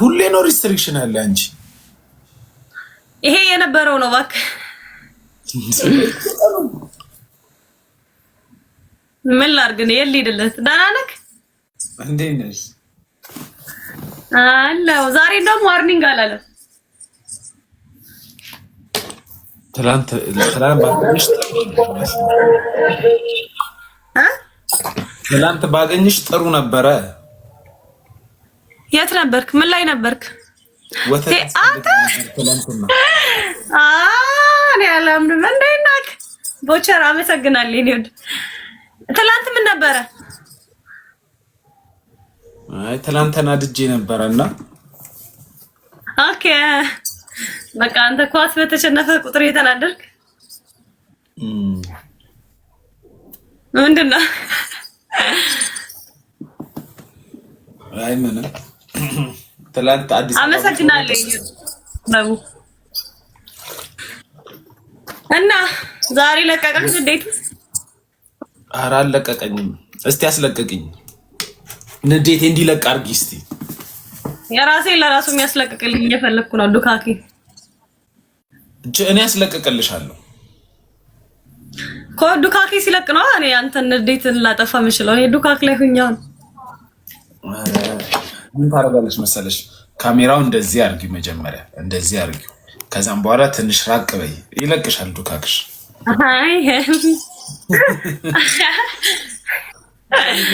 ሁሌ ነው ሪስትሪክሽን አለ። አንቺ ይሄ የነበረው ነው ባክ ምን ላድርግ ነው የልሂድለት። ደህና ነህ? እንዴት ነሽ? አለሁ። ዛሬ ደግሞ ዋርኒንግ አላለም። ትናንት ባገኝሽ ጥሩ ነበረ። የት ነበርክ? ምን ላይ ነበርክ? እኔ አላምንም። እንዴት ቦቸር? አመሰግናለሁ። ትላንት ምን ነበረ? አይ ትላንት ተናድጄ ነበረና ኦኬ በቃ አንተ ኳስ በተሸነፈ ቁጥር የተናደርክ ምንድን ነው? አይ ምንም ትላንት አዲስ አመሰግናለሁ። እና ዛሬ ለቀቀኝ ንዴት? ኧረ አልለቀቀኝም። እስቲ አስለቀቅኝ። ንዴቴ እንዲለቅ አድርጊ እስቲ። የራሴ ለራሱ የሚያስለቅቅልኝ እየፈለግኩ ነው። ዱካኪ እኔ ያስለቅቅልሻለሁ። ዱካኪ ሲለቅ ነው እኔ አንተን ንዴትን ላጠፋ የምችለው። ዱካክ ላይ ሁኛውን ምን ታደርጋለች መሰለሽ? ካሜራው እንደዚህ አርጊ፣ መጀመሪያ እንደዚህ አርጊ፣ ከዛም በኋላ ትንሽ ራቅ በይ፣ ይለቅሻል ዱካክሽ።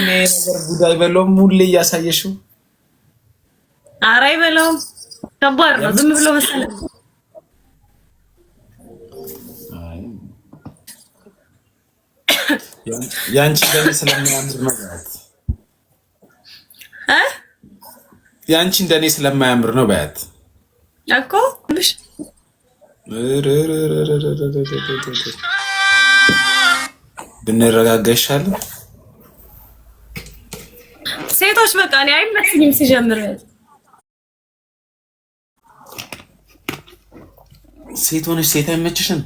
ነገር ጉዳይ በለውም፣ ሁሌ እያሳየሽው። ኧረ አይበለውም፣ ከባድ ነው። ዝም ብሎ መሰለኝ ያንቺ ደግሞ ስለሚያምር መግባት የአንቺ እንደኔ ስለማያምር ነው በያት እኮ ብንረጋጋ ሴቶች በቃ እኔ አይመስኝም ሲጀምር ሴት ሆነሽ ሴት አይመችሽም።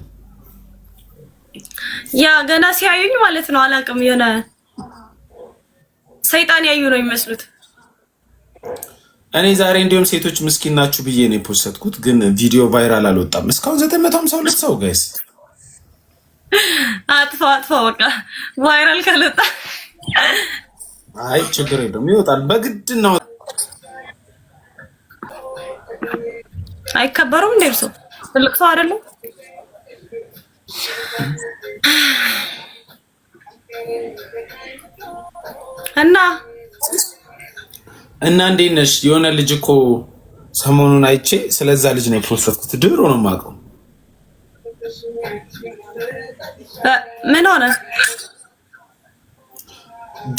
ያ ገና ሲያዩኝ ማለት ነው አላውቅም፣ የሆነ ሰይጣን ያዩ ነው የሚመስሉት። እኔ ዛሬ እንዲሁም ሴቶች ምስኪን ናችሁ ብዬ ነው የፖሰትኩት፣ ግን ቪዲዮ ቫይራል አልወጣም። እስካሁን ዘጠኝ መቶ ሃምሳ ሁለት ሰው ጋይስ፣ አጥፎ አጥፎ በቃ ቫይራል ካልወጣ አይ ችግር የለውም ይወጣል። በግድ ነው አይከበሩም። እንደ ሰው ትልቅ ሰው አይደለም። እና እና እንዴት ነሽ? የሆነ ልጅ እኮ ሰሞኑን አይቼ ስለዛ ልጅ ነው የፖስተትኩት። ድሮ ነው የማውቀው። ምን ሆነ?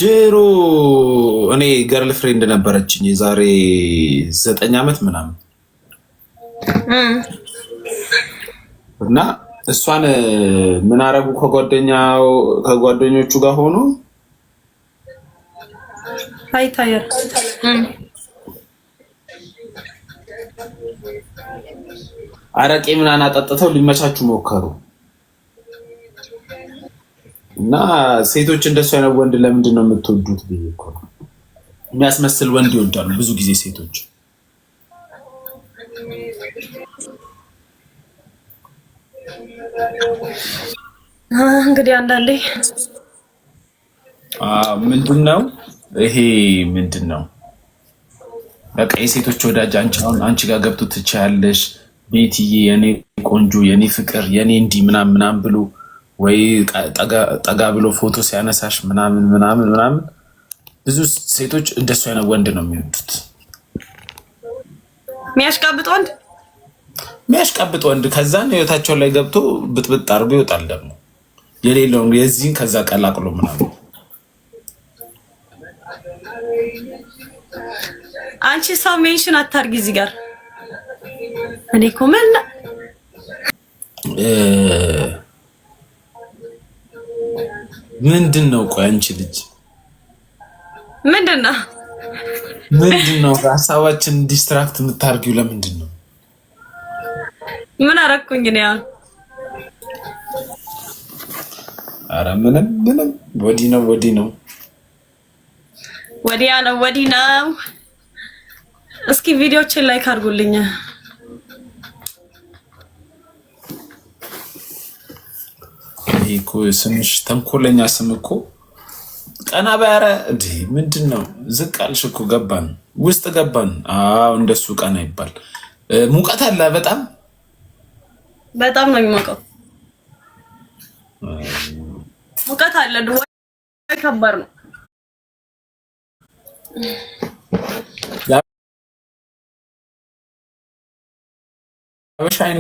ድሮ እኔ ገርል ፍሬንድ ነበረችኝ የዛሬ ዘጠኝ ዓመት ምናምን እና እሷን ምን አረጉ ከጓደኛው ከጓደኞቹ ጋር ሆኖ ሀይ ታየር አረቄ ምናምን አጠጥተው ሊመቻቹ ሞከሩ እና ሴቶች እንደሱ አይነት ወንድ ለምንድን ነው የምትወዱት? ብዬ እኮ የሚያስመስል ወንድ ይወዳሉ ብዙ ጊዜ ሴቶች። እንግዲህ አንዳንዴ ምንድን ነው ይሄ ምንድን ነው? በቃ የሴቶች ወዳጅ አንቻውን አንቺ ጋር ገብቶ ትችያለሽ፣ ቤትዬ፣ የኔ ቆንጆ፣ የኔ ፍቅር፣ የኔ እንዲህ ምናምን ምናምን ብሎ ወይ ጠጋ ብሎ ፎቶ ሲያነሳሽ ምናምን ምናምን ምናምን። ብዙ ሴቶች እንደሱ አይነት ወንድ ነው የሚወዱት። የሚያሽቃብጥ ወንድ የሚያሽቃብጥ ወንድ ከዛን ህይወታቸው ላይ ገብቶ ብጥብጥ አድርጎ ይወጣል። ደግሞ የሌለውን የዚህን ከዛ ቀላቅሎ ምናምን አንቺ ሰው ሜንሽን አታርጊ እዚህ ጋር። እኔ እኮ ምን ምንድን ነው? ቆይ አንቺ ልጅ ምንድን ነው ምንድን ነው ሀሳባችን ዲስትራክት የምታርጊው ለምንድን ነው? ምን አረኩኝ እኔ አሁን? ኧረ ምንም ምንም ወዲህ ነው ወዲህ ነው ወዲያ ነው ወዲ ነው። እስኪ ቪዲዮችን ላይክ አድርጉልኝ። ስምሽ ተንኮለኛ ስም እኮ ቀና ባያረ እንዲ ምንድን ነው? ዝቅ አልሽ እኮ ገባን፣ ውስጥ ገባን። አዎ እንደሱ ቀና ይባል። ሙቀት አለ በጣም በጣም ነው የሚሞቀው። ሙቀት አለ። ከባድ ነው። የሀበሻ አይን